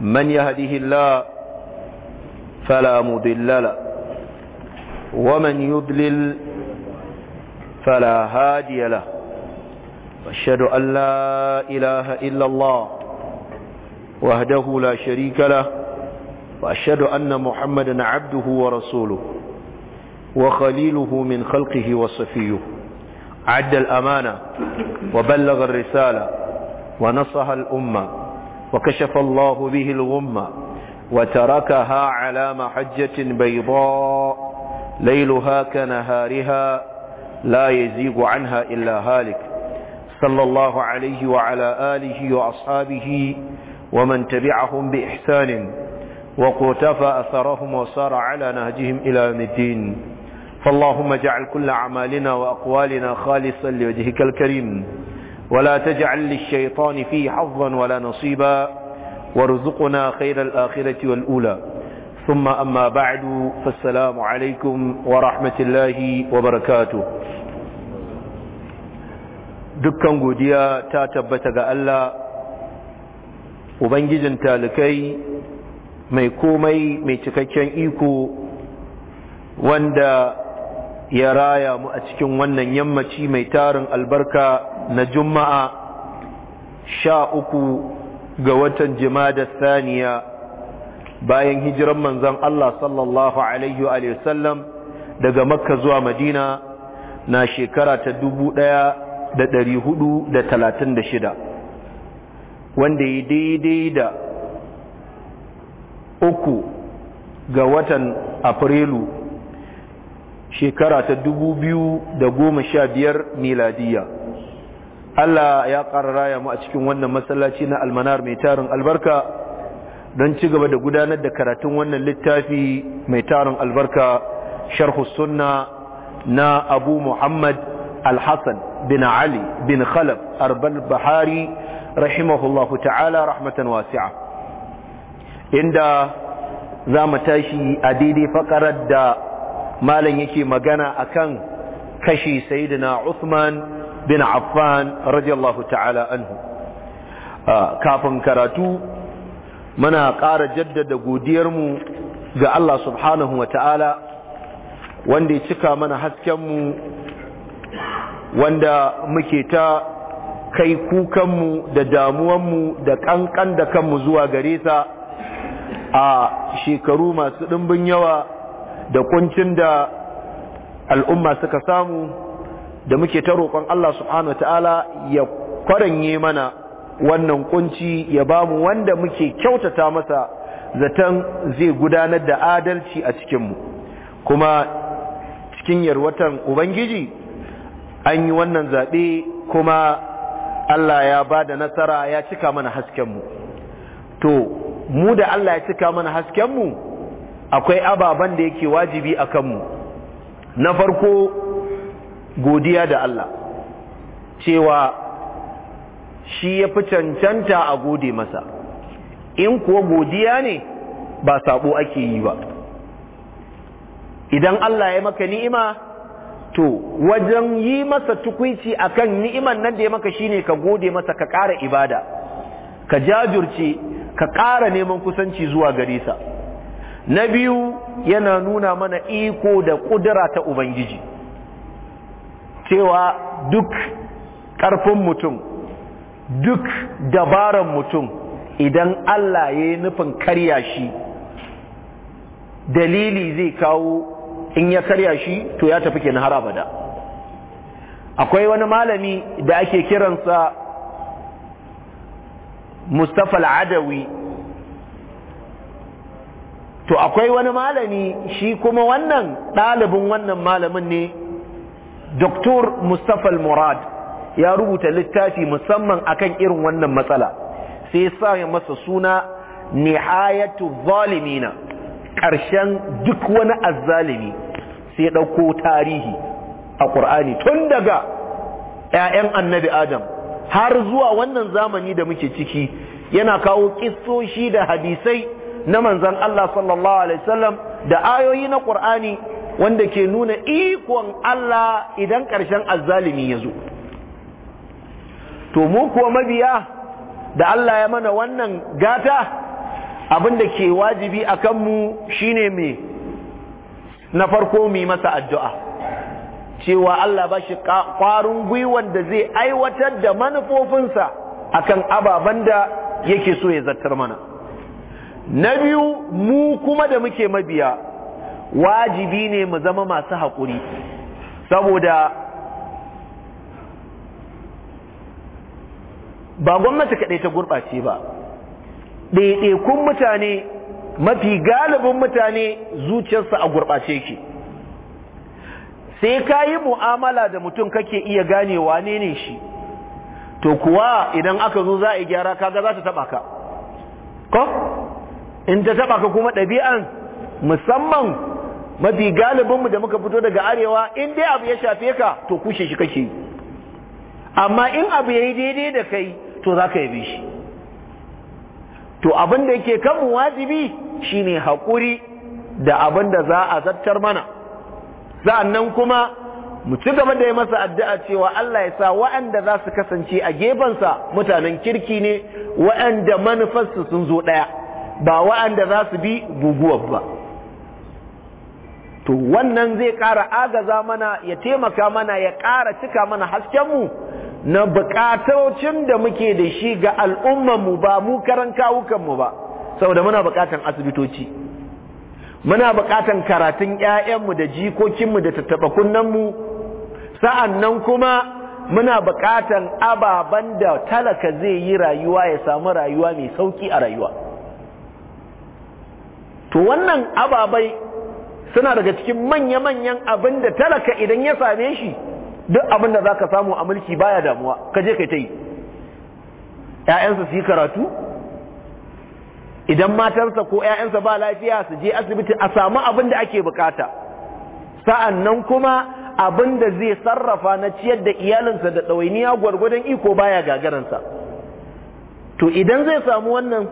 من يهده الله فلا مضل له ومن يضلل فلا هادي له واشهد ان لا اله الا الله وحده لا شريك له واشهد ان محمدا عبده ورسوله وخليله من خلقه وصفيه عد الامانه وبلغ الرساله ونصح الامه وكشف الله به الغمة وتركها على محجة بيضاء ليلها كنهارها لا يزيغ عنها إلا هالك صلى الله عليه وعلى آله وأصحابه ومن تبعهم بإحسان وقتفى أثرهم وصار على نهجهم إلى يوم الدين فاللهم اجعل كل أعمالنا وأقوالنا خالصا لوجهك الكريم ولا تجعل للشيطان فيه حظا ولا نصيبا وارزقنا خير الآخرة والأولى ثم أما بعد فالسلام عليكم ورحمة الله وبركاته دكان godiya تاتبتك ألا ga تالكي ميكومي talikai إيكو komai ya raya mu a cikin wannan yammaci mai tarin albarka na juma'a sha uku ga watan da saniya bayan hijiran manzan Allah sallallahu alaihi wa sallam daga makka zuwa madina na shekara ta dubu ɗaya da ɗari hudu da talatin da shida wanda ya daidai da uku ga watan afrilu shekara ta dubu biyu da goma sha biyar miladiya Allah ya ƙara raya mu a cikin wannan masallaci na almanar mai tarin albarka don ci gaba da gudanar da karatun wannan littafi mai tarin albarka sharhu sunna na abu muhammad alhassan bin ali bin khalaf arbal bahari rahimahullahu ta'ala rahmatan wasi'a inda za mu tashi a daidai fakarar da malam yake magana akan kashi sayyidina Uthman bin Affan radiyallahu ta'ala anhu ah, kafin karatu muna ƙara jaddada godiyarmu ga Allah subhanahu wa ta'ala wanda ya cika mana haskenmu wanda muke ta kai kukanmu da damuwanmu da ƙanƙan da kanmu zuwa gare sa a ah, shekaru masu ɗimbin yawa da kuncin da al'umma suka samu da muke ta roƙon Allah subhanahu ta'ala ya kwaranye mana wannan kunci ya bamu wanda muke kyautata masa zaton zai gudanar da adalci a cikinmu kuma cikin yarwatan ubangiji an yi wannan zaɓe kuma Allah ya ba da nasara ya cika mana haskenmu to mu da Allah ya cika mana haskenmu akwai ababen da yake wajibi a kanmu na farko godiya da Allah cewa shi ya fi cancanta a gode masa in kuwa godiya ne ba sabo ake yi ba idan Allah ya maka ni'ima to wajen yi masa tukwici akan ni'iman nan da ya maka shine ka gode masa ka ƙara ibada ka jajurce ka ƙara neman kusanci zuwa gare sa na biyu yana nuna mana iko da kudura ta ubangiji cewa duk ƙarfin mutum duk dabaran mutum idan Allah ya yi nufin karya shi dalili zai kawo in ya karya shi to ya tafi kenan har abada akwai wani malami da ake kiransa Mustapha al-Adawi to akwai wani malami shi kuma wannan ɗalibin wannan malamin ne doktor mustapha murad ya rubuta littafi musamman akan irin wannan matsala sai sa ya masa suna nihayatu zalimina ƙarshen duk wani azzalimi sai ɗauko tarihi a ƙur'ani tun daga 'ya'yan annabi adam har zuwa wannan zamani da muke ciki yana kawo ƙistoshi da hadisai na manzan Allah sallallahu alaihi wasallam da ayoyi na Qur'ani wanda ke nuna ikon Allah idan ƙarshen azzalimi ya zo to mu kuwa mabiya da Allah ya mana wannan gata abin da ke wajibi a kanmu shine me na farko mu masa addu'a cewa Allah ba shi ƙwarin gwiwan da zai aiwatar da manufofinsa akan ababen da yake so ya zartar mana na biyu mu kuma da muke mabiya wajibi ne mu zama masu haƙuri saboda ba gwamnati kaɗai ta gurɓace ba ɗaiɗaikun mutane mafi galibin mutane zuciyarsa a gurɓace ke sai ka yi mu'amala da mutum kake iya gane wane ne shi to kuwa idan aka zo za a yi gyara kaga za ta taɓa ka ko in ta taba ka kuma ɗabi'an musamman mafi galibinmu da muka fito daga arewa in dai abu ya shafe ka to kushe shi kake amma in abu ya yi daidai da kai to za ka yabe shi to abin da yake kanmu wajibi shine haƙuri da abin da za a zartar mana sa'annan kuma mu ci gaba da yi masa addu'a cewa Allah ya sa waɗanda za su kasance a gefensa mutanen kirki ne waɗanda manufarsu sun zo ɗaya ba wa'anda za su bi guguwar ba to wannan zai ƙara agaza mana ya taimaka mana ya ƙara cika mana haskenmu na buƙatocin da muke da shi ga al'ummanmu ba mu karan kawukanmu ba saboda muna buƙatan asibitoci muna buƙatan karatun 'ya'yanmu da jikokinmu da tattaɓa sa'an nan kuma muna buƙatan ababen da talaka zai yi rayuwa ya samu rayuwa mai sauƙi a rayuwa to wannan ababai suna daga cikin manya-manyan abin da talaka idan ya same shi duk abin da za samu a mulki baya damuwa ka je ka ta yi ‘ya'yansa su yi karatu idan matarsa ko ‘ya'yansa ba lafiya su je asibiti a samu abin da ake bukata sa'an nan kuma abin da zai sarrafa na ciyar da iyalinsa da ɗawainiya gwargwadon iko baya gagaransa to idan zai samu wannan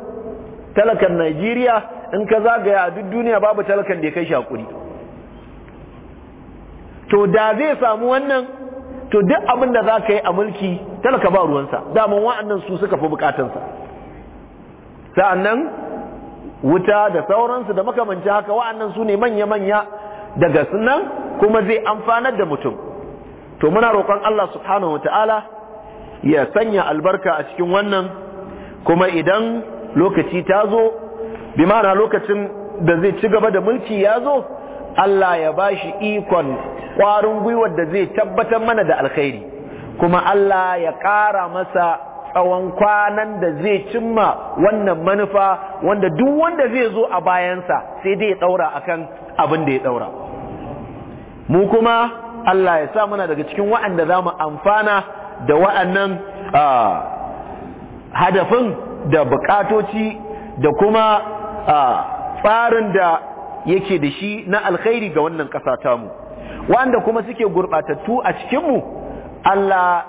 talakan Najeriya in ka zagaya a duk duniya babu talakan da ya kai shakuri to da zai samu wannan to duk abin da za ka yi a mulki talaka ba ruwansa daman wa'annan su suka fi bukatansa sa'annan wuta da sauransu da makamanci haka wa'annan su ne manya-manya daga sunan kuma zai amfanar da mutum to muna roƙon Allah subhanahu wata'ala ya sanya albarka a cikin wannan kuma idan lokaci ta zo bi ma'ana lokacin da zai ci gaba da mulki ya zo Allah ya ba shi ikon ƙwarin gwiwar da zai tabbatar mana da alkhairi kuma Allah ya ƙara masa tsawon kwanan da zai cimma wannan manufa wanda duk wanda zai zo a bayansa sai dai ya ɗaura akan abin da ya ɗaura mu kuma Allah ya sa muna daga cikin wa'anda za mu amfana da wa'annan ah, hadafin da bukatoci da kuma tsarin da yake da shi na alkhairi ga wannan ƙasa tamu wanda kuma suke gurɓatattu a cikinmu Allah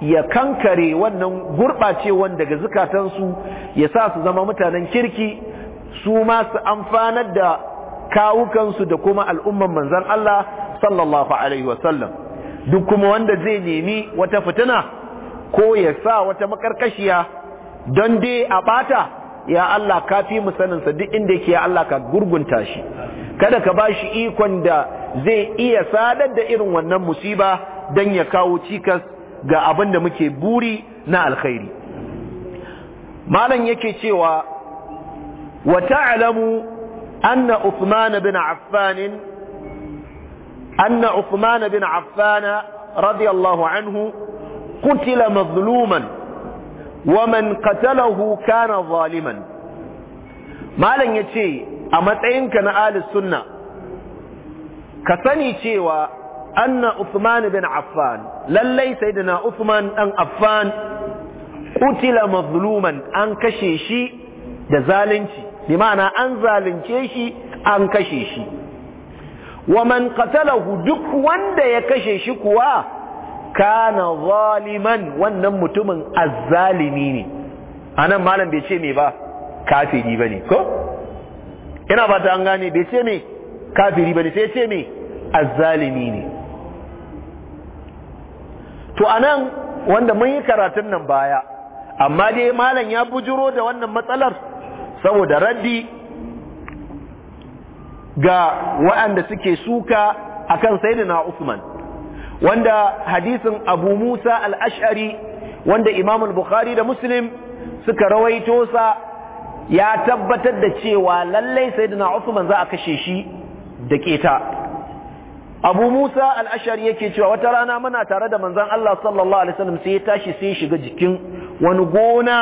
ya kankare wannan gurɓacewan daga zukatansu ya sa su zama mutanen kirki su ma su amfanar da kawukansu da kuma al'umman manzan Allah sallallahu alaihi wasallam duk kuma wanda zai nemi wata fitina ko ya sa wata makarkashiya don dai a ɓata ya Allah ka fi mu sanin sa duk inda yake ya Allah ka gurgunta shi kada ka ba shi ikon da zai iya sadar da irin wannan musiba dan ya kawo cikas ga abin da muke buri na alkhairi malam yake cewa wa ta'lamu anna Uthman bin Affan anna Uthman bin Affan radiyallahu anhu qutila mazluman wa man qatalahu kana zaliman malam yace a matsayinka na Ali sunna ka sani cewa anna usman bin Affan lallai sayyidina usman dan Affan utila mazluman an kashe shi da zalunci bi ma'ana an zalunce shi an kashe shi wa man qatalahu duk wanda ya kashe shi kuwa kana zaliman wannan mutumin azzalimi ne anan malam bai ce me ba kafiri bane ko ina fata an gane bai ce me kafiri bane sai ce me azzalimi ne to anan wanda mun yi karatun nan baya amma dai malam ya bujuro da wannan matsalar saboda raddi ga wa'anda suke suka akan sayyidina Usman wanda hadisin abu musa al'ashari wanda imam bukhari da muslim suka rawaito sa ya tabbatar da cewa lallai sayyidina usman za a kashe shi da keta abu musa al'ashari yake cewa wata rana muna tare da manzon Allah sallallahu alaihi wasallam sai ya tashi sai ya shiga jikin wani gona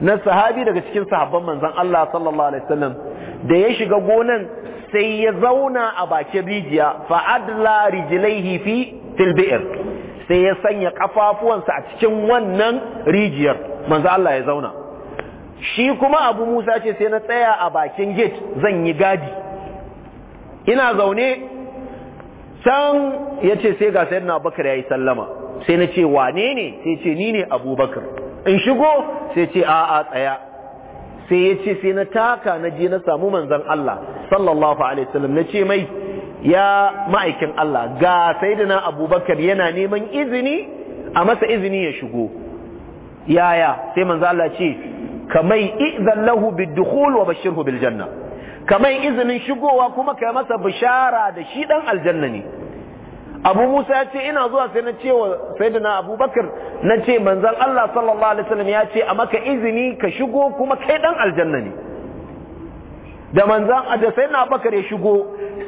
na sahabi daga cikin sahabban manzan Allah sallallahu alaihi wasallam da ya shiga gonan sai ya zauna a bakin rijiya fa adla fi fil sai ya sanya kafafuwansa a cikin wannan rijiyar manzo Allah ya zauna shi kuma Abu Musa ce sai na tsaya a bakin gate zan yi gadi ina zaune can yace sai ga sayyidina Abubakar ya yi sallama sai na ce wane ne sai ce ni ne Abubakar in shigo sai ce a a tsaya sai yace sai na taka na je na samu manzon Allah sallallahu alaihi wasallam na ce mai ya ma'aikin Allah ga saidina abubakar yana neman izini a masa izini ya shigo yaya sai manzo Allah ce kamai idzan lahu bidukhul wa bashirhu bil janna kamai izinin shigowa kuma kai masa bishara da shi dan aljanna ne Abu Musa ya ce ina zuwa sai na ce wa Abubakar na ce manzon Allah sallallahu alaihi wasallam ya ce a maka izini ka shigo kuma kai dan aljanna ne da manzan da sai na bakar ya shigo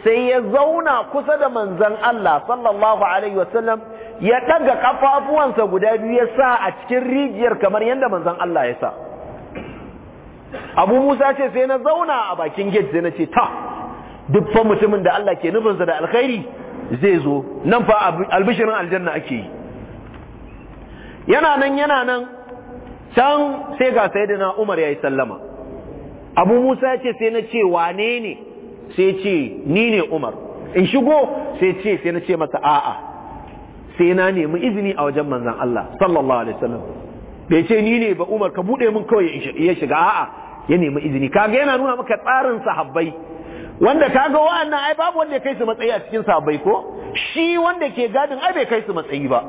sai ya zauna kusa da manzan Allah sallallahu alaihi wasallam ya daga kafafuwansa guda biyu ya sa a cikin rijiyar kamar yadda manzan Allah ya sa Abu Musa ce sai na zauna a bakin gate sai na ce ta duk fa mutumin da Allah ke nufinsa da alkhairi zai zo nan fa albishirin aljanna ake yi yana nan yana nan can sai ga sayyidina Umar yayi sallama abu musa ya ce sai na ce wane ne sai ce ni ne umar in shigo sai ce sai na ce masa a'a sai na nemi izini a wajen manzan Allah sallallahu alaihi wasallam bai ce ni ne ba umar ka bude min kawai ya shiga a'a ya nemi izini kaga yana nuna maka tsarin sahabbai wanda kaga wa'annan ai babu wanda ya kai su matsayi a cikin sahabbai ko shi wanda ke gadin ai bai kai su matsayi ba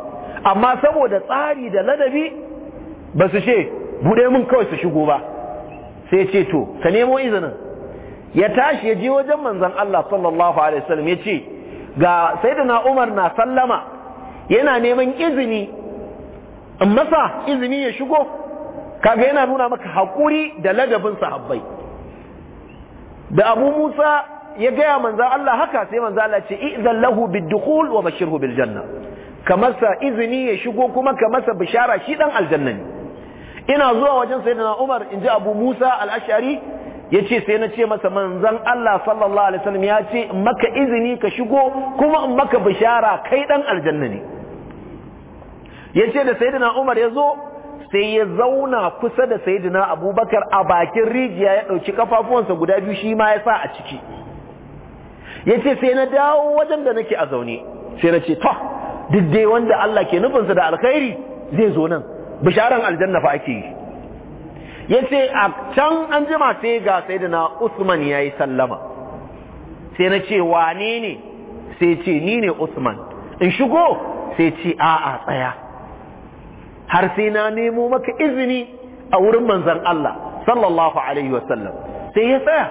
amma saboda tsari da ladabi ba su ce bude min kawai su shigo ba sai ce to ka nemo izinin ya tashi ya je wajen manzon Allah sallallahu alaihi wasallam ya ce ga sayyidina Umar na sallama yana neman izini in masa izini ya shigo kaga yana nuna maka hakuri da ladabin sahabbai da Abu Musa ya gaya manzan Allah haka sai manzan Allah ce izan lahu biddukhul wa bashirhu bil janna kamar sa izini ya shigo kuma kamar sa bishara shi dan aljanna ne ina zuwa wajen sayyidina Umar in ji Abu Musa al-Ash'ari yace sai na ce masa manzon Allah sallallahu alaihi wasallam ya ce maka izini ka shigo kuma in maka bishara kai dan aljanna ne yace da sayyidina Umar ya zo sai ya zauna kusa da sayyidina Abubakar a bakin rijiya ya dauki kafafuwansa guda biyu shi ma ya sa a ciki yace sai na dawo wajen da nake a zaune sai na ce to duk dai wanda Allah ke nufinsa da alkhairi zai zo nan bisharan aljanna fa ake yi ya ce a can an jima sai ga sai usman ya yi sallama sai na ce wane ne sai ce ni ne usman in shigo sai ce a'a tsaya har sai na nemo maka izini a wurin manzan Allah sallallahu alaihi wasallam sai ya tsaya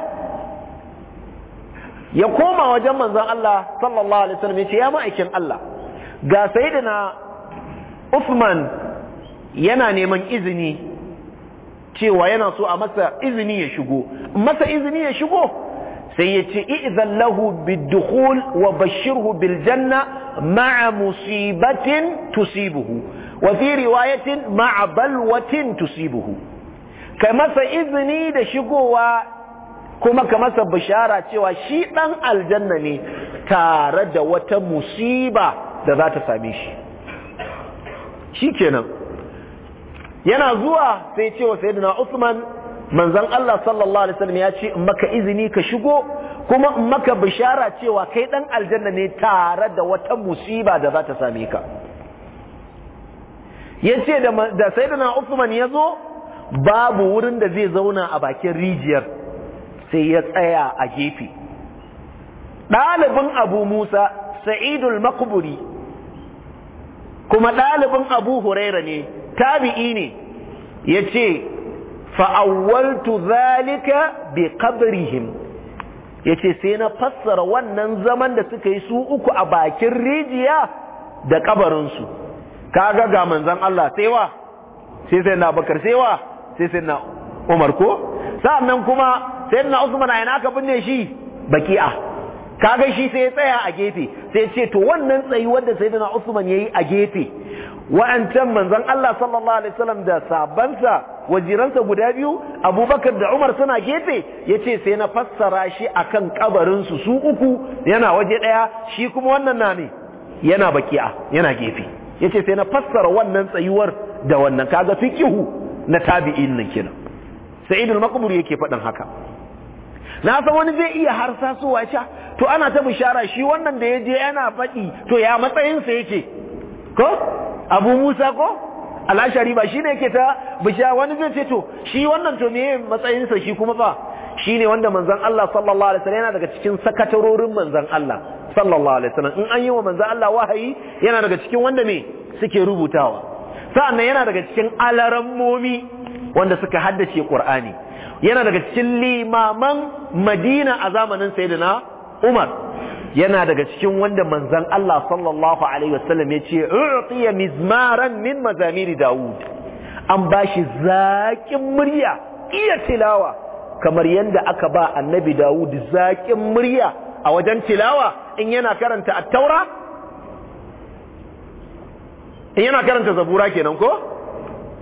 ya koma wajen manzan Allah sallallahu alaihi wasallam ya ce ya ma'aikin Allah ga sai na usman yana neman izini cewa yana so a masa izini ya shigo masa izini ya shigo sai ya ce izan lahu bidukhul wa bashirhu bil janna ma'a musibatin tusibuhu wa fi riwayatin ma'a balwatin tusibuhu Ka masa izini da shigowa kuma ka masa bishara cewa shi dan aljanna ne tare da wata musiba da za ta same shi shikenan yana zuwa sai ce wa sayyidina Usman manzon Allah sallallahu alaihi wasallam ya ce in maka izini ka shigo kuma in maka bishara cewa kai dan aljanna ne tare da wata musiba da za ta same ka yace da da sayyidina Usman ya zo babu wurin da zai zauna a bakin rijiyar sai ya tsaya a gefe ɗalibin Abu Musa Sa'idul Maqburi kuma ɗalibin Abu Huraira ne tabi'i ne yace fa'awwaltu zalika bi qabrihim yace sai na fassara wannan zaman da suka yi su uku a bakin rijiya da ƙabarinsu. su kaga ga manzon Allah sai wa sai sai na bakar sai wa sai sai na Umar ko sannan kuma sai na Usman a ina ka binne shi baki'a kaga shi sai ya tsaya a gefe sai ce to wannan tsayi wanda na Usman yayi a gefe wa'ancan manzon Allah sallallahu alaihi wasallam da sabansa wajiransa guda biyu abubakar da umar suna gefe ya ce sai na fassara shi a kan kabarinsu su uku yana waje ɗaya shi kuma wannan na ne yana baki'a yana gefe ya ce sai na fassara wannan tsayuwar da wannan kaga fikihu na tabi'in nan kina sa'idul maqbur yake faɗin haka na san wani zai iya harsasowa sha to ana ta bishara shi wannan da ya je yana faɗi to ya matsayinsa yake ko abu musa ko alashari ba shine yake ta bisha wani zai ce to shi wannan to matsayin matsayinsa shi kuma Shi ne wanda manzan Allah sallallahu alaihi wasallam yana daga cikin sakatarorin manzan Allah sallallahu alaihi wasallam in an yi wa manzan Allah wahayi yana daga cikin wanda me suke rubutawa sa'annan yana daga cikin alarammomi wanda suka haddace Qur'ani yana daga cikin limaman Madina a zamanin Sayyidina Umar yana daga cikin wanda manzan Allah sallallahu alaihi wasallam ya ce u'tiya mizmaran min mazamiri Dawud an ba shi zaƙin murya iya tilawa kamar yadda aka ba annabi Dawud zaƙin murya a wajen tilawa in yana karanta at-taura in yana karanta zabura kenan ko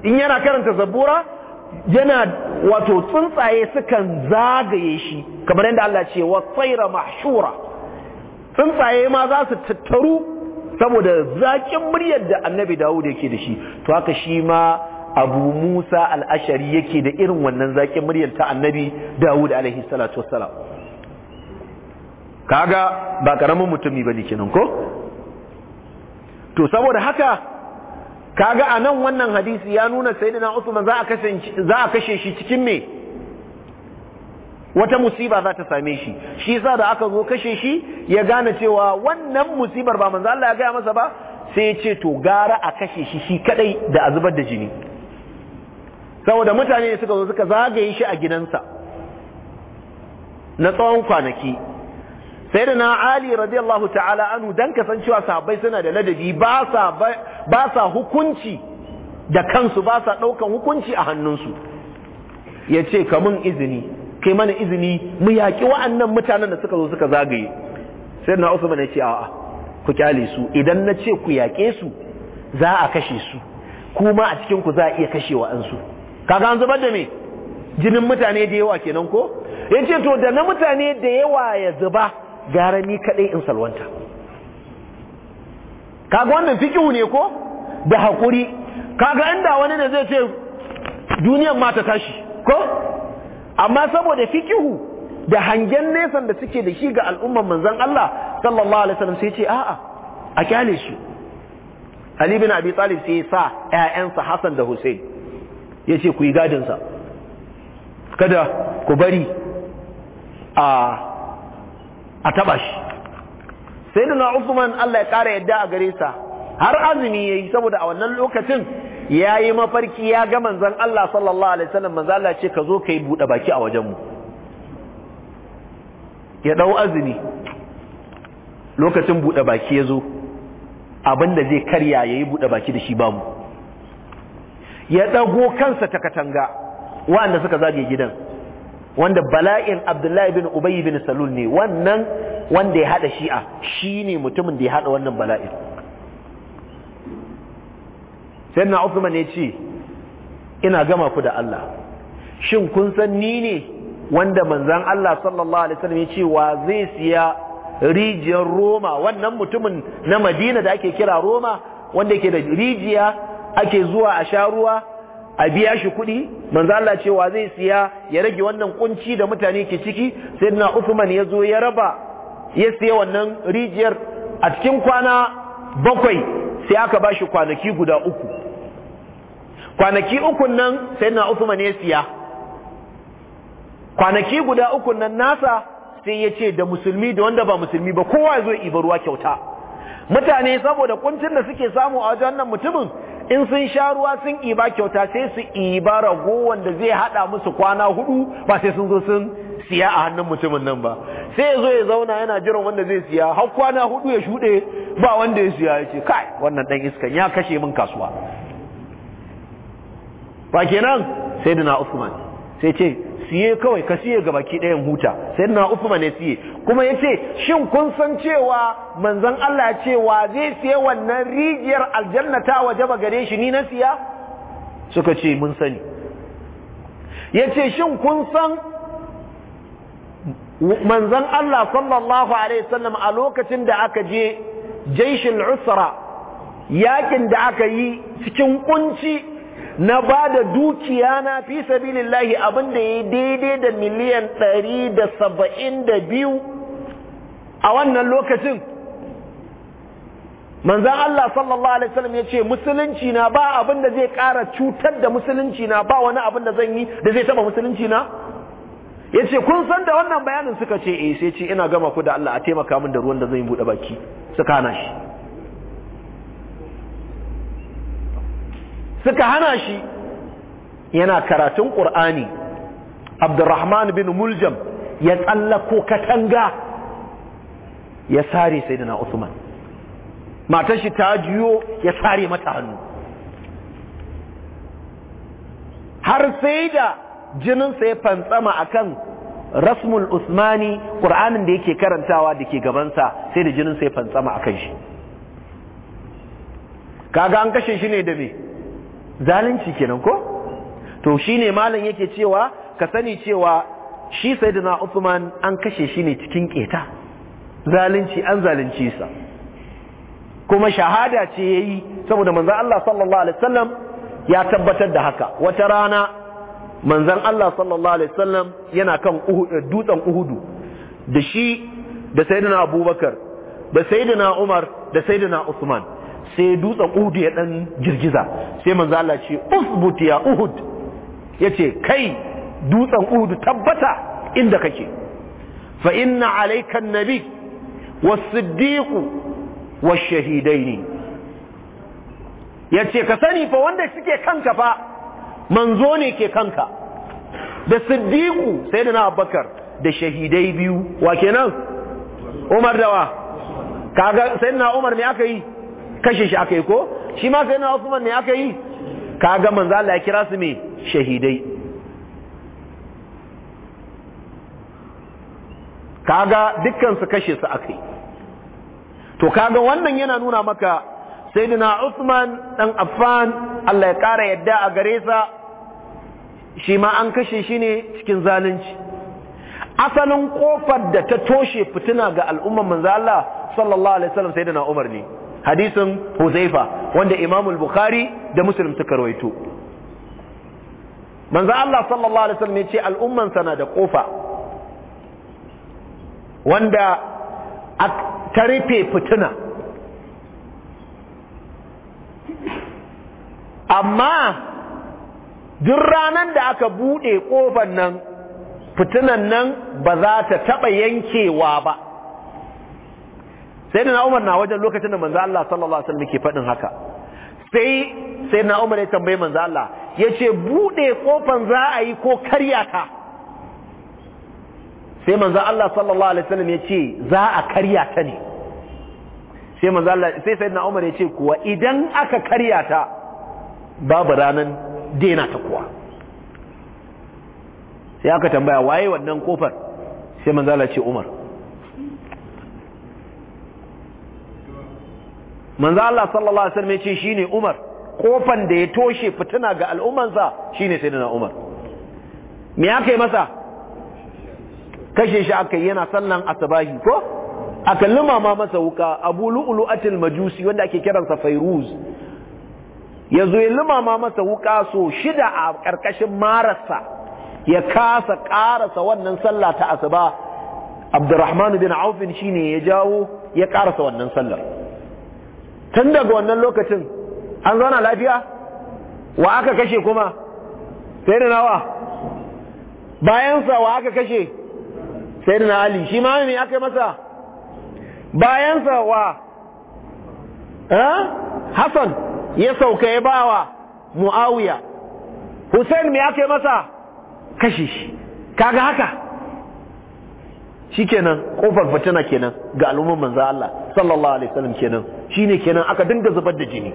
in yana karanta zabura yana wato tsuntsaye sukan zagaye shi kamar yadda Allah ce wa tsaira mashura. tsuntsaye ma za su tattaru saboda zaƙin muryar da annabi dawud yake da shi to haka shi ma abu musa al'ashari yake da irin wannan zaƙin muryar ta annabi dawud alaihi salatu wassalam kaga ba karamin mutumi ba ne kenan ko to saboda haka kaga a nan wannan hadisi ya nuna sayyidina usman za a kashe shi cikin me wata musiba za ta same shi shi sa da aka zo kashe shi ya gane cewa wannan musibar ba manzo Allah ya gaya masa ba sai ya ce to gara a kashe shi shi kadai da a zubar da jini saboda mutane ne suka zo suka zagaye shi a gidansa na tsawon kwanaki sai da na Ali radiyallahu ta'ala anu dan kasancewa sahabbai suna da ladabi ba sa hukunci da kansu ba sa daukan hukunci a hannunsu yace kamun izini kai mana izini mu yaƙi wa'annan mutanen da suka zo suka zagaye sai na usman ya ce a'a ku kyale su idan na ce ku yaƙe su za a kashe su kuma a cikin ku za a iya kashe wa'ansu kaga an zubar da me jinin mutane da yawa kenan ko yace to da na mutane da yawa ya zuba gara ni kadai in salwanta kaga wannan fikihu ne ko da hakuri kaga inda wani ne zai ce duniyar ma ta tashi ko amma saboda fikihu da hangen nesan da suke da shi ga al'umman manzon Allah sallallahu alaihi wasallam sai ce a'a a kyale shi. Ali bin Abi Talib sai ya sa ƴaƴansa Hassan da Hussein yace ku yi gadin sa kada ku bari a a taba shi sayyidina Uthman Allah ya kara yadda a gare sa har azumi yayi saboda a wannan lokacin Ya yi mafarki ya ga manzan Allah sallallahu alaihi wasallam manzon Allah ce ka zo yi buɗe baki a wajen mu ya ɗau azumi lokacin buɗe baki ya zo abinda zai karya ya yi buɗe baki da shi bamu ya ɗago kansa ta katanga waɗanda suka zage gidan wanda bala'in Abdullahi bin ubayi bin Salul ne wannan wanda ya haɗa shi'a shi ne mutumin da ya haɗa wannan bala'in sai na ya ce ina gama ku da Allah shin kun san ni ne wanda manzan Allah sallallahu alaihi wasallam ya ce wa zai siya rijiyar Roma wannan mutumin na Madina da ake kira Roma wanda yake da rijiya ake zuwa a sha ruwa a biya shi kuɗi manzan Allah ce wa zai siya ya rage wannan kunci da mutane ke ciki na Uthman ya zo ya raba ya siya wannan rijiyar a cikin kwana bakwai sai aka ba shi kwanaki guda uku kwanaki ukun nan sai na Uthman ya siya kwanaki guda ukun nan nasa sai ya ce da musulmi da wanda ba musulmi ba kowa zo iba ruwa kyauta mutane saboda kuncin da suke samu a wajen nan mutumin in sun sha ruwa sun iba kyauta sai su iba rago wanda zai hada musu kwana hudu ba sai sun zo sun siya a hannun mutumin nan ba sai ya zo ya zauna yana jiran wanda zai siya har kwana hudu ya shuɗe ba wanda ya siya ya ce kai wannan dan iskan ya kashe min kasuwa ba kenan sai da na usman sai ce siye kawai ka siye ga baki ɗayan huta sai da na usman ne siye kuma ya ce shin kun san cewa manzon Allah ya ce wa zai siye wannan rijiyar aljanna ta waje ba gare shi ni na siya suka ce mun sani ya ce shin kun san manzon Allah sallallahu alaihi wasallam a lokacin da aka je jaishul usra yakin da aka yi cikin kunci na ba da dukiya na fi sabilillahi abin da ya daidai da miliyan ɗari da saba'in da biyu a wannan lokacin manzan Allah sallallahu Alaihi wasallam ya ce musulunci na ba abinda zai kara cutar da musulunci na ba wani abinda da zan yi da zai taba musulunci na ya ce kun san da wannan bayanin suka ce eh sai ce ina gama ku da Allah a taimaka min da ruwan da zan yi buɗe baki suka kana shi suka hana shi yana karatun ƙur'ani abdurrahman bin muljam ya tsallako katanga ya sare sai da usman matar shi ta jiyo ya sare mata hannu har sai da jininsa ya fantsama akan rasmul usmani ƙur'anin da yake karantawa da ke gabansa sai da jininsa ya fantsama akan shi kaga an kashe shi ne da me zalunci kenan ko to shine malam yake cewa ka sani cewa shi sayyidina Uthman an kashe shi ne cikin keta zalunci an zalunci sa kuma shahada ce yayi saboda manzon Allah sallallahu alaihi wasallam ya tabbatar da haka wata rana manzon Allah sallallahu alaihi wasallam yana kan dutsen Uhudu da shi da sayyidina Abubakar da sayyidina Umar da sayyidina Uthman sai dutsen uhud ya ɗan girgiza sai manzo Allah ce usbut ya uhud yace kai dutsen uhud tabbata inda kake fa inna alayka an-nabi was-siddiq wash-shahidain yace ka sani fa wanda suke kanka fa manzo ne ke kanka da siddiqu sayyidina abubakar da shahidai biyu wa kenan umar dawa kaga sayyidina umar me aka yi kashe shi aka yi ko shi ma sai na Usman ne aka yi kaga manzo Allah ya kira su me shahidai kaga dukkan su kashe su aka yi to kaga wannan yana nuna maka sayyidina Usman dan Affan Allah ya kara yadda a gare sa shi ma an kashe shi ne cikin zalunci asalin kofar da ta toshe fitina ga al'ummar manzo Allah sallallahu alaihi wasallam sayyidina Umar ne hadisin huzaifa wanda imamul bukhari da muslim suka rawaito manzo Allah sallallahu alaihi wasallam yace al'umman sana da kofa wanda ta rufe fituna amma duk ranar da aka bude kofar nan fitunan nan ba za ta taba yankewa ba sai da umar na wajen lokacin da manzo Allah sallallahu alaihi wasallam ke faɗin haka sai sai na umar ya tambaye manzo Allah yace bude kofan za a yi ko karya ta sai manzo Allah sallallahu alaihi wasallam yace za a karya ta ne sai manzo Allah sai sayyidina Umar yace kuwa idan aka karya ta babu ranan daina ta kuwa sai aka tambaya waye wannan kofar sai manzo Allah ce Umar manzo Allah sallallahu alaihi wasallam ya ce shine Umar kofan da ya toshe fituna ga al'ummansa shine sayyidina Umar me aka masa kashe shi aka yana sallan asabahi ko aka limama masa wuka Abu atil Majusi wanda ake kiransa sa ya zo ya limama masa wuka so shida a ƙarƙashin marasa ya kasa karasa wannan sallah ta asuba Abdurrahman bin Auf shine ya jawo ya karasa wannan sallar tun daga wannan lokacin an zauna lafiya wa aka kashe kuma sai da nawa bayansa wa aka kashe sai da na ali shi ma mai aka yi masa bayansa wa hassan ya sauka ya ba wa mu'awiya hussein mai aka yi masa kashe shi kaga haka shikenan kofar fitina kenan ga al'umman manzo Allah sallallahu alaihi wasallam kenan shine kenan aka dinga zubar da jini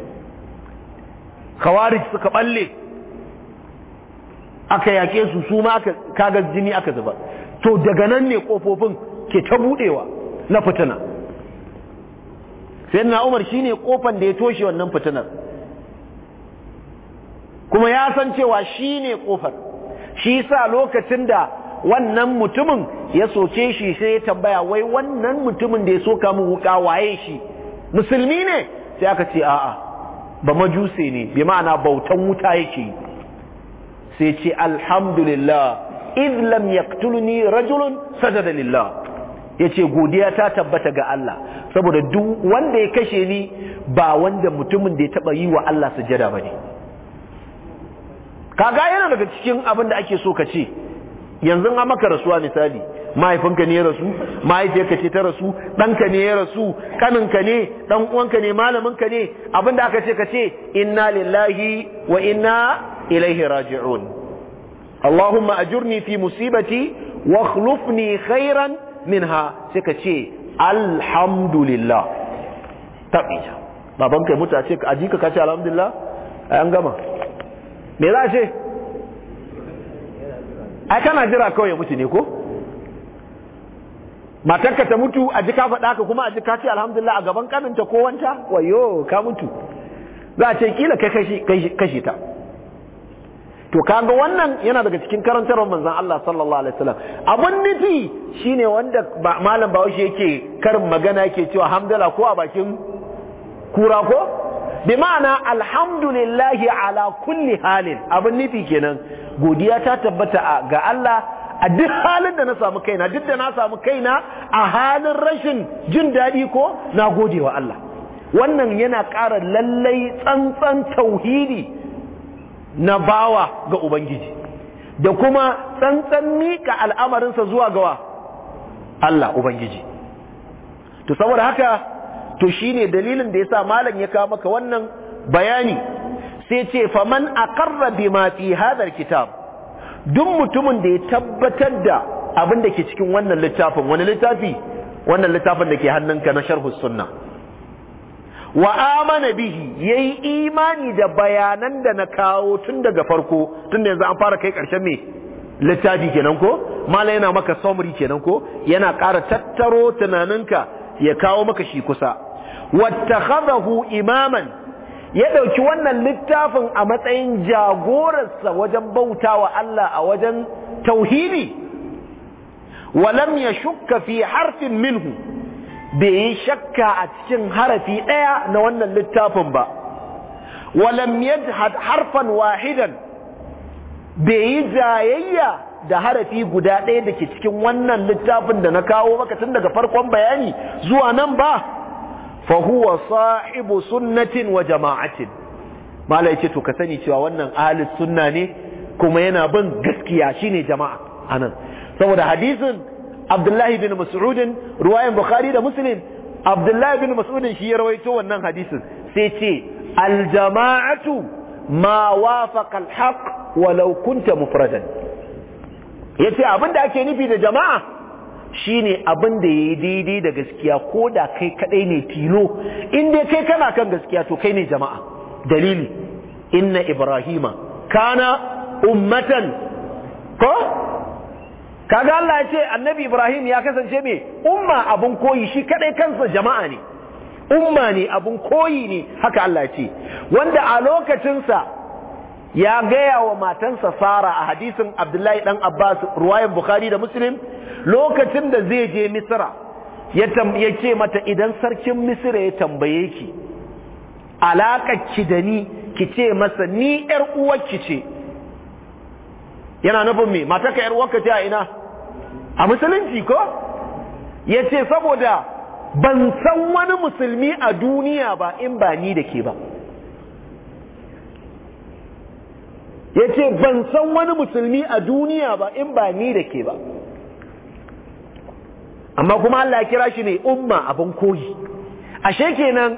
kawarij suka balle aka yake su su ma aka kaga jini aka zuba to daga nan ne kofofin ke ta budewa na fitina na Umar shine kofan da ya toshe wannan fitinar kuma ya san cewa shine kofar shi sa lokacin da wannan mutumin ya soke shi sai ya tambaya wai wannan mutumin da ya soka mu wuka waye shi musulmi ne sai aka ce a'a ba majuse ne bi ma'ana bautan wuta yake sai ce alhamdulillah idh lam yaqtulni rajulun sajada lillah yace godiya ta tabbata ga Allah saboda duk wanda ya kashe ni ba wanda mutumin da ya taba yi wa Allah sujada bane kaga yana daga cikin abin da ake so ka ce yanzu an maka rasuwa misali mahaifinka ne ya rasu mahaifiyarka ce ta rasu ɗanka ne ya rasu kaninka ne ɗan uwanka ne malaminka ne abinda aka ce ka ce inna lillahi wa inna ilaihi raji'un Allahumma ajurni fi musibati wa khlufni khairan minha sai ka ce alhamdulillah tabiya baban kai muta ce a jika ka ce alhamdulillah an gama me za a ce ai kana jira kawai ya mutu ne ko matarka ta mutu a ji ka faɗa ka kuma a ji ka ce alhamdulillah a gaban kaninta ko wanta wayo ka mutu za a ce kila kai kashi ta to ka ga wannan yana daga cikin karantarwar manzon Allah sallallahu alaihi wasallam abun nufi shine wanda malam ba Bahaushe yake karin magana yake cewa hamdala ko a bakin kura ko bi ma'ana alhamdulillahi ala kulli halin abun nufi kenan godiya ta tabbata ga Allah a duk halin da na samu kaina duk da na samu kaina a halin rashin jin daɗi ko na gode wa Allah wannan yana ƙara lallai tsantsan tauhidi na bawa ga Ubangiji da kuma tsantsan miƙa al'amarinsa zuwa gawa Allah Ubangiji to saboda haka to shine dalilin da yasa malam ya kawo maka wannan bayani sai ce faman aqarra bima fi hadar kitab duk mutumin da ya tabbatar da abin da ke cikin wannan littafin wani littafi wannan littafin da ke hannunka na sharhu sunna wa amana bihi yayi imani da bayanan da na kawo tun daga farko tun da yanzu an fara kai karshen me littafi kenan ko mala yana maka summary kenan ko yana ƙara tattaro tunaninka ya kawo maka shi kusa wattakhadahu imaman ya ɗauki wannan littafin a matsayin jagorarsa wajen bauta wa Allah a wajen tauhidi walam ya shukka fi harfin minhu bai yi shakka a cikin harafi ɗaya na wannan littafin ba walam yadhad harfan wahidan bai yi jayayya da harafi guda ɗaya da ke cikin wannan littafin da na kawo maka tun daga farkon bayani zuwa nan ba fa huwa sahibu sunnatin wa jama'atin mala yace to ka sani cewa wannan ahli sunna ne kuma yana bin gaskiya shine jama'a anan saboda hadisin Abdullahi bin Mas'ud ruwayan Bukhari da Muslim Abdullahi bin Mas'ud shi ya rawaito wannan hadisin sai ce al jama'atu ma wafaqa al haqq walau kunta mufradan yace abinda ake nufi da jama'a Shi ne abin da ya yi daidai da gaskiya ko da kai kaɗai ne tilo in kai kana kan gaskiya to kai ne jama'a dalili inna ibrahima kana ummatan ko kaga Allah ya ce annabi ibrahim ya kasance me umma abun koyi shi kadai kansa jama'a ne umma ne abun koyi ne haka Allah ya ce wanda a lokacinsa ya gaya wa matansa Sara a hadisin Abdullahi dan Abbas ruwayan Bukhari da Muslim lokacin da zai je Misra ya ce mata idan sarkin Misira ya tambaye ki alakar ki da ni ki ce masa ni yar uwarki ce yana nufin me ka yar uwarka ce a ina a musulunci ko yace saboda ban san wani musulmi a duniya ba in ba ni da ke ba ya ce ban san wani musulmi a duniya ba in ba ni da ke ba amma kuma Allah ya kira shi ne umma abin koyi ashe kenan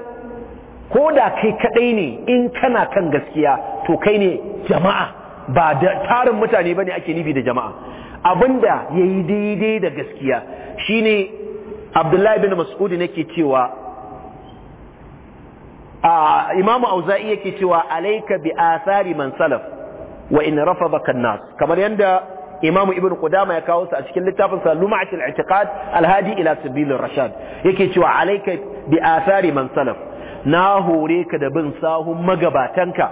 ko da kai kadai ne in kana kan gaskiya to kai ne jama'a ba da tarin mutane ba ne ake nufi da jama'a abinda yi daidai da gaskiya shine Abdullahi bin Mas'ud nake cewa a Auza'i yake cewa alaika bi athari man salaf wa in rafadaka kan nas kamar yanda Imam Ibn Qudama ya kawo su a cikin littafin sa Lum'atul I'tiqad al-Hadi ila Sabil rashad yake cewa alayka bi athari man salaf na hore ka da bin sahun magabatanka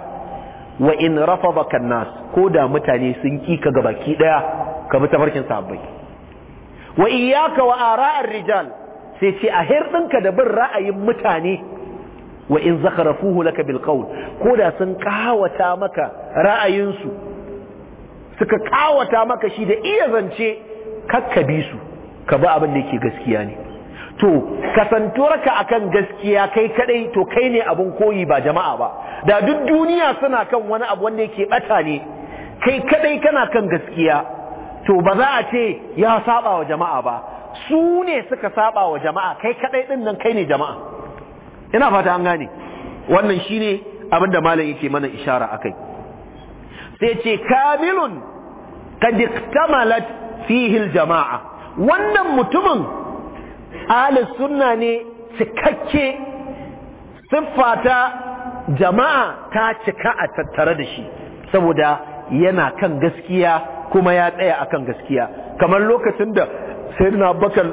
wa in rafadaka kan nas ko da mutane sun ki ka gabaki daya ka bi tafarkin sahabbai wa iyyaka wa ara'ar rijal sai ce a tsinka da bin ra'ayin mutane wa in zakharafuhu laka bil qawl ko da sun kawata maka ra'ayin su suka kawata maka shi da iya zance kakka bi su ka ba abin da yake gaskiya ne to kasantuwarka akan gaskiya kai kadai to kai ne abun koyi ba jama'a ba da duk duniya suna kan wani abu wanda yake bata ne kai kadai kana kan gaskiya to ba za a ce ya saba wa jama'a ba su ne suka saba wa jama'a kai kadai din kai ne jama'a ina fata an gane wannan shine abin da malam yake mana ishara akai sai ce kamilun kad iktamalat fihi aljama'a wannan mutumin ahli sunna ne cikakke siffata jama'a ta cika a tattare da shi saboda yana kan gaskiya kuma ya tsaya akan gaskiya kamar lokacin da sayyidina bakar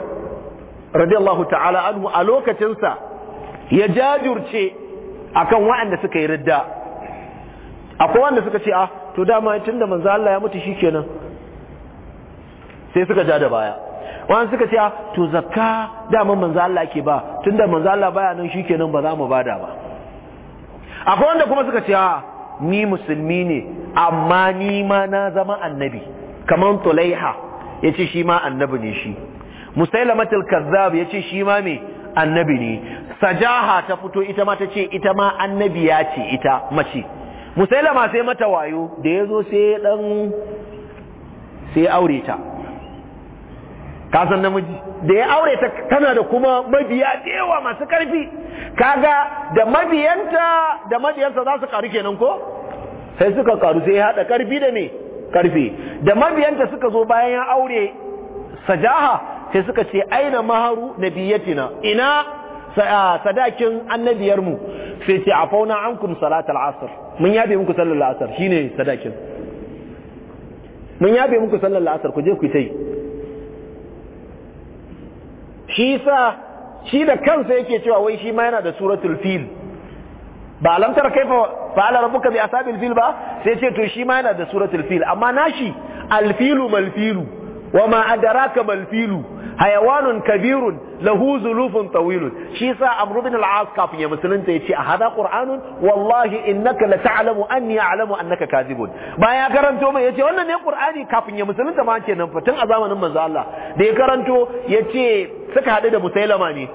radiyallahu ta'ala anhu a lokacinsa ya jajurce akan waɗanda suka yi ridda akwai wanda suka ce ah to dama da manzo Allah ya mutu shikenan sai suka ja da baya wani suka ce ah, to zakka daman manzo Allah ke ba da manzo Allah baya nan shikenan ba za mu bada ba akwai wanda kuma suka ce ah, ni musulmi ne amma ni ma na zama annabi kamar tulaiha yace shi ma annabi ne shi musailamatul kazzab yace shi ma me annabi ne sajaha ta fito ita ma ta ce ita ma annabiya ce ita mace musailama sai mata wayo da ya zo sai dan sai aure ta kasan namiji da ya aure ta tana da kuma mabiya da yawa masu karfi kaga da mabiyanta da mabiyansa za su karu kenan ko sai suka karu sai hada karfi da me karfi da mabiyanta suka zo bayan ya aure sajaha sai suka ce aina maharu nabiyatina ina sadakin annabiyar mu sai ce afauna ankum salatal asr mun yabe muku sallar asr shine sadakin mun yabe muku sallar asr ku je ku tai shi sa shi da kansa yake cewa wai shi ma yana da suratul fil ba alamtar kaifa fa'ala rabbuka bi asabil fil ba sai ce to shi ma yana da suratul fil amma nashi alfilu malfilu Wa adraka mal filu hayawanun kabirun lahu zulufun tawilun shi yasa amru bin al kafin ya musulunta yace a hada qur'anun wallahi innaka la ta'lamu anni a'lamu annaka kadhibun ya karanto mai yace wannan ne Kur'ani kafin ya musulunta ma kenan fa tun a zamanin manzo Allah da ya karanto yace saka hadu da musailama ne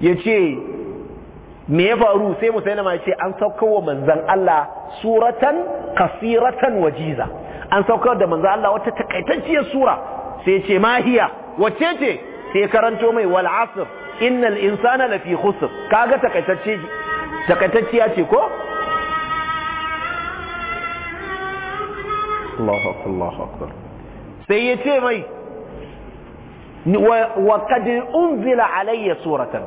yace me ya faru sai musailama ce an saukowa manzon Allah suratan kasiratan wajiza an saukar da manzo Allah wata takaitacciyar sura sai ce mahiya Wace ce sai karanto mai wal asr innal insana lafi khusr kaga takaitacce takaitacciya ce ko Allahu akbar Allahu akbar sai yace mai wa qad unzila alayya suratan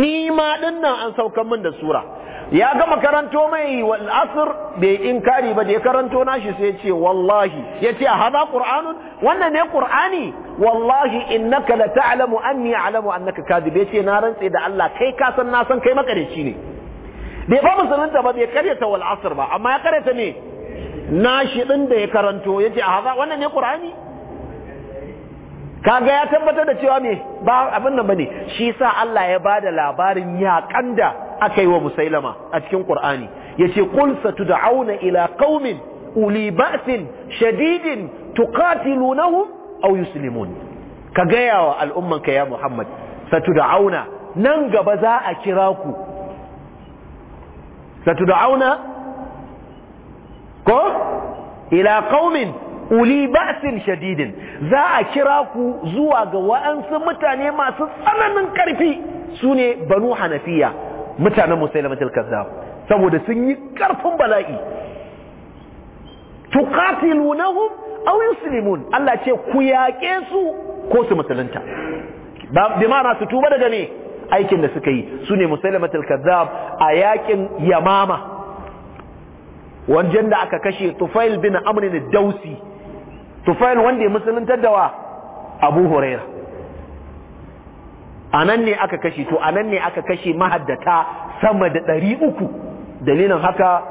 ni ma dinnan an saukar min da sura ya gama karanto mai wal asr bai inkari ba da ya karanto nashi sai ya ce wallahi Ya yace hada qur'anun wannan ne qur'ani wallahi innaka la ta'lamu anni a'lamu annaka kadhib ce na rantse da Allah kai ka san na san kai makareci ne bai ba musulunta ba bai karyata wal asr ba amma ya karyata ne nashi din da ya karanto ya yace hada wannan ne qur'ani kaga ya tabbatar da cewa me ba abin nan bane shi sa Allah ya bada labarin yaƙan da aka yi wa musailama a cikin qur'ani yace qul satud'auna ila qaumin uli ba'sin shadidin tuqatilunahum aw yuslimun ka gaya wa al'umman ya muhammad satud'auna nan gaba za a kira ku ko ila qaumin uli ba'sin shadidin za a kira ku zuwa ga wa'ansu mutane masu tsananin ƙarfi su ne banu hanafiya mutanen musailamatul kazzab saboda sun yi karfin bala'i tuqatilunahum aw yuslimun Allah ce ku yaƙe su ko su musulunta bi ma'ana su tuba daga ne aikin da suka yi su ne kazzab a yakin yamama wajen da aka kashe tufail bin amrin dausi tufail wanda ya musuluntar da wa abu huraira Anan ne aka kashe to anan ne aka kashe mahaddata sama da ɗari uku dalilin haka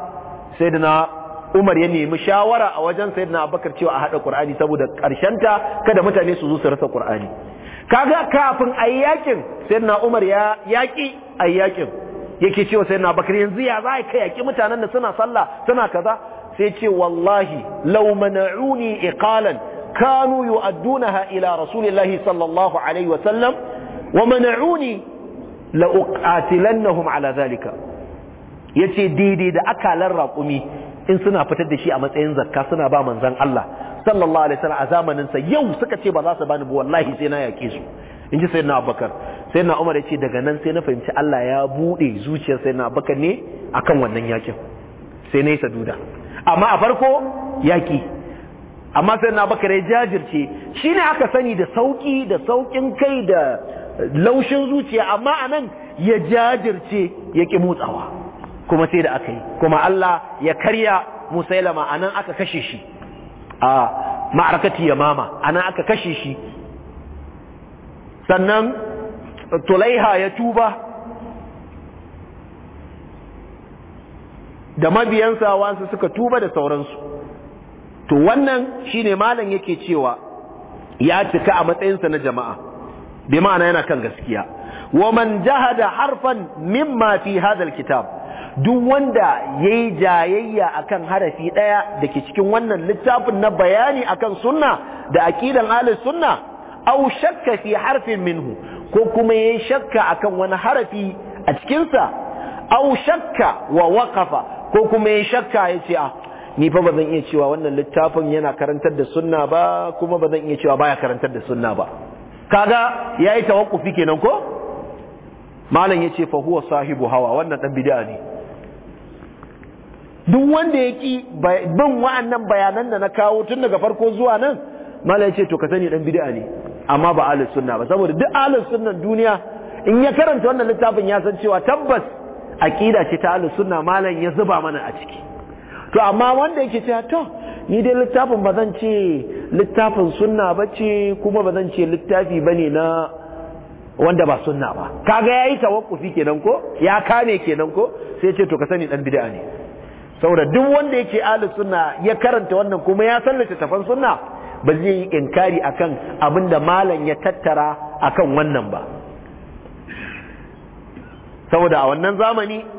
sai da na umar ya nemi shawara a wajen sai da na abakar cewa a haɗa ƙur'ani saboda ta kada mutane su zo su rasa ƙur'ani kaga kafin a yakin sai na umar ya yaƙi a yakin yake cewa sai na bakar yanzu ya za ka yaƙi mutanen da suna sallah suna kaza sai ce wallahi law mana'uni iqalan kanu yu'addunaha ila rasulillahi sallallahu alaihi wa sallam wa mana'uni la uqatilannahum ala zalika yace daidai da akalar raƙumi in suna fitar da shi a matsayin zakka suna ba manzon Allah sallallahu alaihi wasallam a zamanin sa yau suka ce ba za su bani ba wallahi sai na yake su in sayyidina abubakar sayyidina umar ya ce daga nan sai na fahimci Allah ya buɗe zuciyar sayyidina abubakar ne akan wannan yakin sai na yi saduda amma a farko yaki amma sayyidina abubakar ya jajirce shine aka sani da sauki da saukin kai da laushin zuciya amma anan ya jajirce ya ƙi motsawa kuma sai da aka yi kuma Allah ya karya musailama anan aka kashe shi a ma'arkati a anan aka kashe shi sannan tulaiha ya tuba da mabiyansa wasu suka tuba da sauransu to wannan shine malam yake cewa ya cika a matsayinsa na jama'a bi yana kan gaskiya wa man da harfan mimma fi hadal kitab duk wanda yayi jayayya akan harafi daya dake cikin wannan littafin na bayani akan sunna da aqidan ahlus sunna aw shakka fi harfin minhu ko kuma yayi shakka akan wani harafi a cikin sa aw shakka wa waqafa ko kuma yayi shakka yace ah ni fa bazan iya cewa wannan littafin yana karantar da sunna ba kuma bazan iya cewa baya karantar da sunna ba kaga yayi tawakkufi kenan ko malam yace fa huwa sahibu hawa wannan dan bid'a ne duk wanda ya ki bin wa'annan bayanan da na kawo tun daga farko zuwa nan malam yace to ka sani dan bid'a ne amma ba ahlus sunna ba saboda duk ahlus sunna duniya in ya karanta wannan littafin ya san cewa tabbas aqida ce ta ahlus sunna malam ya zuba mana a ciki to amma wanda yake cewa to ni dai littafin ba zan ce littafin sunna ba ce kuma ba zan ce littafi ba ne na wanda ba sunna ba kaga ya yi tawakkufi kenan ko ya kame kenan ko sai ce to ka sani dan bid'a ne saboda duk wanda yake ahli sunna ya karanta wannan kuma ya san littafin sunna ba zai yi inkari akan abinda malam ya tattara akan wannan ba saboda a wannan zamani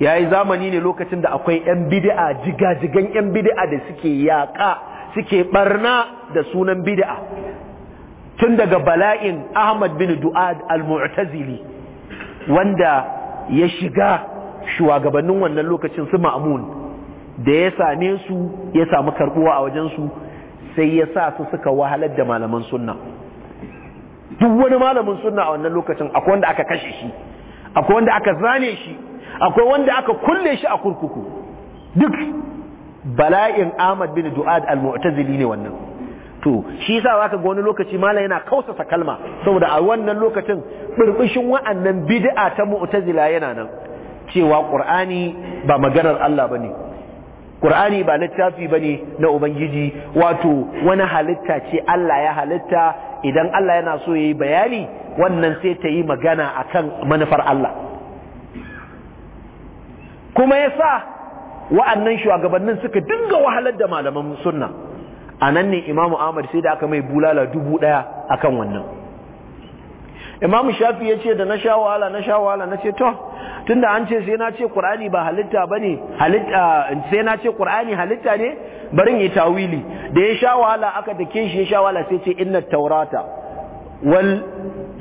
Ya yi zamani ne lokacin da akwai yan bid'a jigajigan yan bid'a da suke yaƙa suke barna da sunan bid'a tun daga bala'in Ahmad bin Du'ad al-Mu'tazili wanda ya shiga shugabannin wannan lokacin su Ma'mun da ya same su ya samu karbuwa a wajen su sai ya sa su suka wahalar da malaman sunna duk wani malamin sunna a wannan lokacin akwai wanda aka kashe shi akwai wanda aka zane shi akwai wanda aka kulle shi a kurkuku duk bala'in Ahmad bin Du'ad al-Mu'tazili ne wannan to shi yasa zaka ga wani lokaci mala yana kausasa kalma saboda a wannan lokacin birbishin wa'annan bid'a ta mu'tazila yana nan cewa qur'ani ba maganar Allah bane qur'ani ba littafi bane na ubangiji wato wani halitta ce Allah ya halitta idan Allah yana so yayi bayani wannan sai ta yi magana akan manufar Allah kuma ya sa wa'annan shugabannin suka dinga wahalar da malaman sunna a nan ne imamu ahmad sai da aka mai bulala dubu ɗaya a kan wannan imamu shafi ya ce da na sha wahala na sha wahala na ce to tunda an ce sai na ce Kur'ani ba halitta bane halitta sai na ce Kur'ani halitta ne barin yi tawili da ya sha wahala aka da ke shi ya sha wahala sai ce inna taurata wal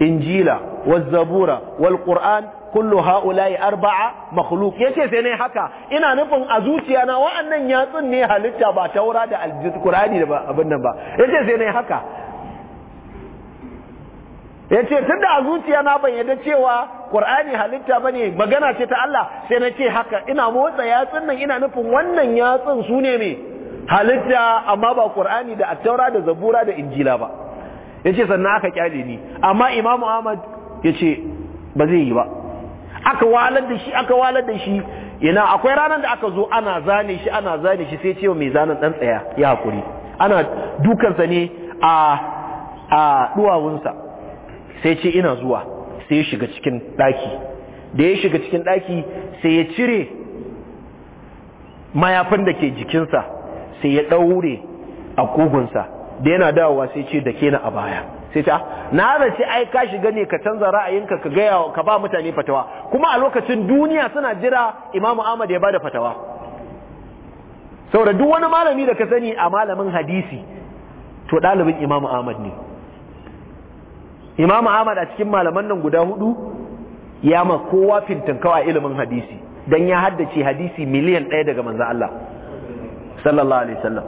injila wal zabura wal qur'an kullu haula'i arba'a makhluq yace sai ne haka ina nufin a zuciya na wa'annan yatsun ne halitta ba taura da alqur'ani da abin nan ba yace sai ne haka yace tunda a zuciya na ban yadda cewa qur'ani halitta bane magana ce ta Allah sai na ce haka ina motsa yatsun nan ina nufin wannan yatsun su ne me halitta amma ba qur'ani da taura da zabura da injila ba yace sannan aka kyale ni amma imamu ahmad yace ba zai yi ba aka walar da shi aka walar da shi ina akwai ranar da aka zo ana zane shi ana zane shi sai cewa mai zanen dan tsaya ya hakuri ana dukansa ne a a duwawunsa sai ce ina zuwa sai ya shiga cikin daki da ya shiga cikin daki sai ya cire mayafin da ke jikinsa sai ya ɗaure a kugunsa da yana dawowa sai ce da ke a baya sai ta na zace ai ka shiga ne ka canza ra'ayinka ka gaya ka ba mutane fatawa kuma a lokacin duniya suna jira imamu ahmad ya bada fatawa saboda duk wani malami da ka sani a malamin hadisi to ɗalibin imamu ahmad ne imamu ahmad a cikin malaman nan guda hudu ya ma kowa fintan kawai ilimin hadisi dan ya haddace hadisi miliyan ɗaya daga manzo Allah sallallahu alaihi wasallam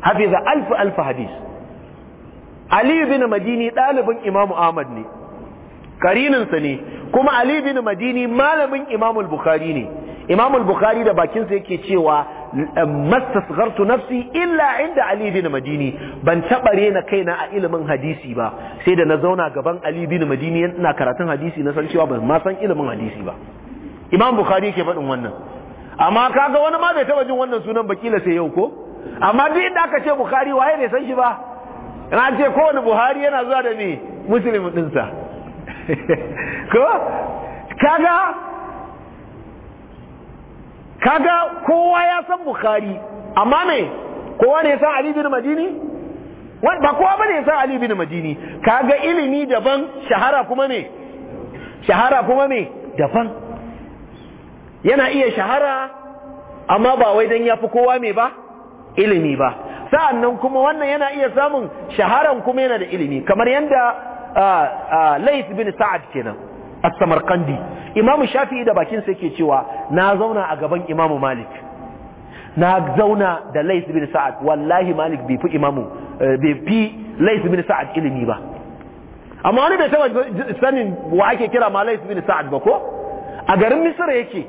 hafiza alf alf hadisi Ali bin Madini ɗalibin Imam Ahmad ne karininsa ne kuma Ali bin Madini malamin Imam Bukhari ne Imam Bukhari da bakinsa yake cewa mastasghartu nafsi illa inda Ali bin Madini ban taɓa na kaina a ilimin hadisi ba sai da na zauna gaban Ali bin Madini ina karatun hadisi na san cewa ban ma san ilimin hadisi ba Imam Bukhari yake faɗin wannan amma kaga wani ma bai taɓa jin wannan sunan bakila sai yau ko amma duk da aka ce Bukhari waye bai san shi ba na ce kowane buhari yana zuwa da ne musulmi dinsa ko kaga kaga kowa ya san Buhari, amma me kowa ne ya san ali bin madini ba kowa ne ya san ali bin madini kaga ilimi daban shahara kuma ne shahara kuma me daban yana iya shahara amma ba wai dan fi kowa me ba ilimi ba sa'annan kuma wannan yana iya samun shaharan kuma yana da ilimi kamar yadda lais bin sa'ad kenan as-samarqandi imamu shafi'i da bakin sa yake cewa na zauna a gaban imamu malik na zauna da lais bin sa'ad wallahi malik bai fi imamu eh, bai fi lais bin sa'ad ilimi ba amma wani bai taba sanin wa ake kira ma lais bin sa'ad ba ko a garin misr yake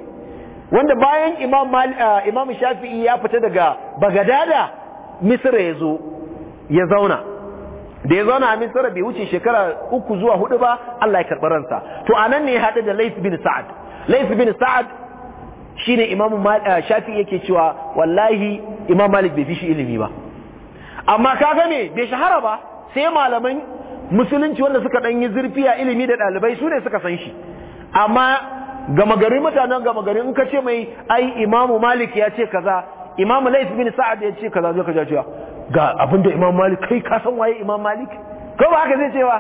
wanda bayan imam eh, imam shafi'i ya fita daga bagadada misira ya zo ya zauna da ya zauna a misira bai wuce shekara uku zuwa hudu ba Allah ya karɓi ransa to a nan ne ya haɗu da Lais bin Sa'ad Lais bin Sa'ad shine Imam eh, Shafi yake cewa wallahi Imam Malik bai fi shi ilimi ba amma kaga me bai shahara ba sai malaman musulunci wanda suka dan yi zurfi a ilimi da ɗalibai su ne suka san shi amma gama gari mutanen gama gari in ka ce mai ai imamu Malik ya ce kaza imamu lais bin sa'ad ya ce kaza zai ka jacewa ga abinda imam malik kai ka san waye imam malik ko ba haka zai cewa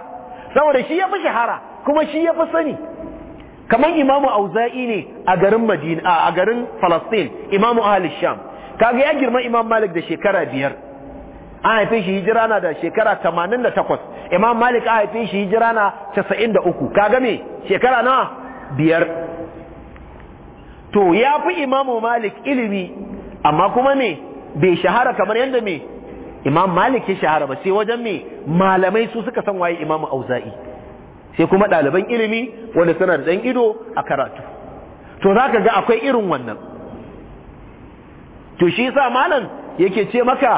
saboda shi ya fi shahara kuma shi ya fi sani kamar imamu auza'i ne a garin madina a garin falastin imamu ahli sham kaga ya girma imam malik da shekara biyar an haife shi hijira na da shekara tamanin da takwas, imam malik an haife shi hijira na casa'in da uku, kaga me shekara na biyar to ya fi imamu malik ilimi amma kuma me bai shahara kamar yadda me imam malik ya shahara ba sai wajen me malamai su suka san waye imam auza'i sai kuma ɗaliban ilimi wanda suna da ɗan ido a karatu to za ka ga akwai irin wannan to shi sa malam yake ce maka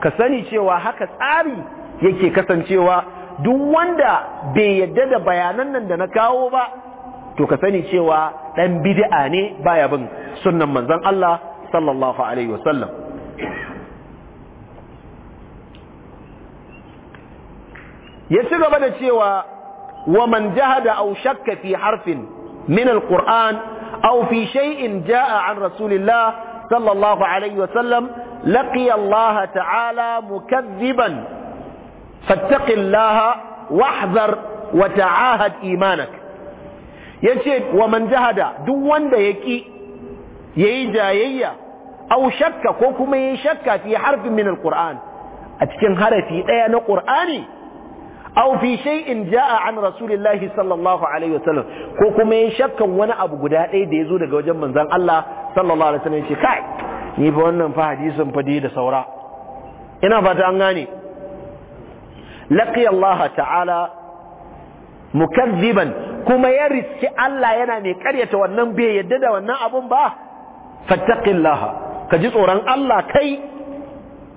ka sani cewa haka tsari yake kasancewa duk wanda bai yadda da bayanan nan da na kawo ba to ka sani cewa ɗan bid'a ne baya bin sunnan manzon Allah صلى الله عليه وسلم يسير بدا شيوا ومن جهد او شك في حرف من القران او في شيء جاء عن رسول الله صلى الله عليه وسلم لقي الله تعالى مكذبا فاتق الله واحذر وتعاهد ايمانك يسير ومن جهد دون يكي yayi jayayya au shakka ko kuma yayi shakka fi harfin min alquran a cikin harafi daya na qur'ani Au fi shay'in jaa an rasulillahi sallallahu alaihi wasallam ko kuma yayi shakkan wani abu guda daya da zo daga wajen manzon Allah sallallahu alaihi wasallam ce kai ni ba wannan fa hadisin fa da saura ina fata an gane laqiya Allah ta'ala mukazziban kuma ya riski Allah yana mai karyata wannan bai yadda da wannan abun ba fattaqillaha ka ji tsoron Allah kai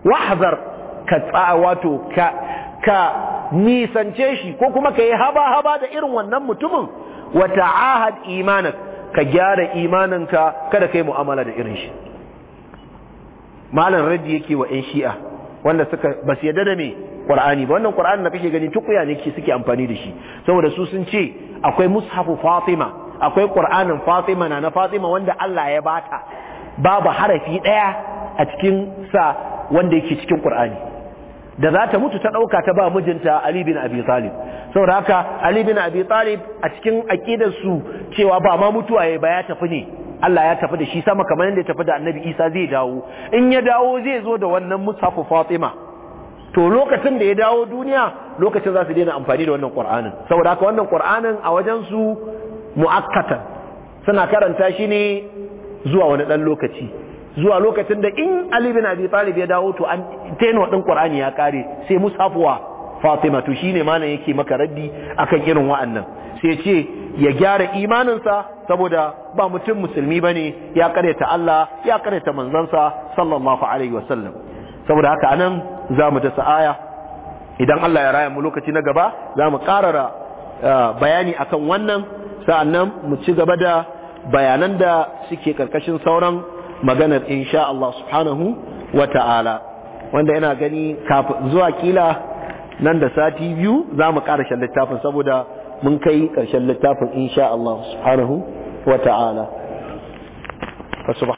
wahzar ka tsawato ka ka nisance shi ko kuma ka yi haba haba da irin wannan mutumin wata ahad imanin ka gyara imaninka kada kai mu'amala da irin shi malam raddi yake wa 'yan shi'a wanda suka ba su yadda da mai qur'ani ba wannan qur'ani na kake gani tukuya ne suke amfani da shi saboda su sun ce akwai mushafu fatima akwai qur'anin fatima na na fatima wanda Allah ya bata babu harafi daya a cikin sa wanda yake cikin qur'ani da za ta mutu ta ɗauka ta ba mijinta ali bin abi talib saboda haka ali bin abi talib a cikin aqidar su cewa ba ma mutuwa ya ba ya tafi ne Allah ya tafi da shi sama kamar yadda ya tafi da annabi Isa zai dawo in ya dawo zai zo da wannan mushafu fatima to lokacin da ya dawo duniya lokacin za su daina amfani da wannan qur'anin saboda haka wannan qur'anin a wajen su mu'akkatan suna karanta shi ne zuwa wani ɗan lokaci zuwa lokacin da in Ali bin Abi Talib ya dawo to an teno din Qur'ani ya kare sai musafwa Fatima to shine malam yake maka raddi akan irin wa'annan sai ya ce ya gyara imaninsa saboda ba mutum musulmi bane ya karyata Allah ya karyata manzansa sallallahu alaihi wasallam saboda haka anan zamu ta sa'aya idan Allah ya raya mu lokaci na gaba za mu karara eh, bayani akan wannan sa'annan mu ci gaba da bayanan da suke karkashin sauran maganar insha Allah subhanahu wa ta'ala wanda yana gani kafin zuwa kila nan da sati biyu za mu ƙarshen littafin saboda mun kai ƙarshen littafin insha Allah subhanahu wa ta'ala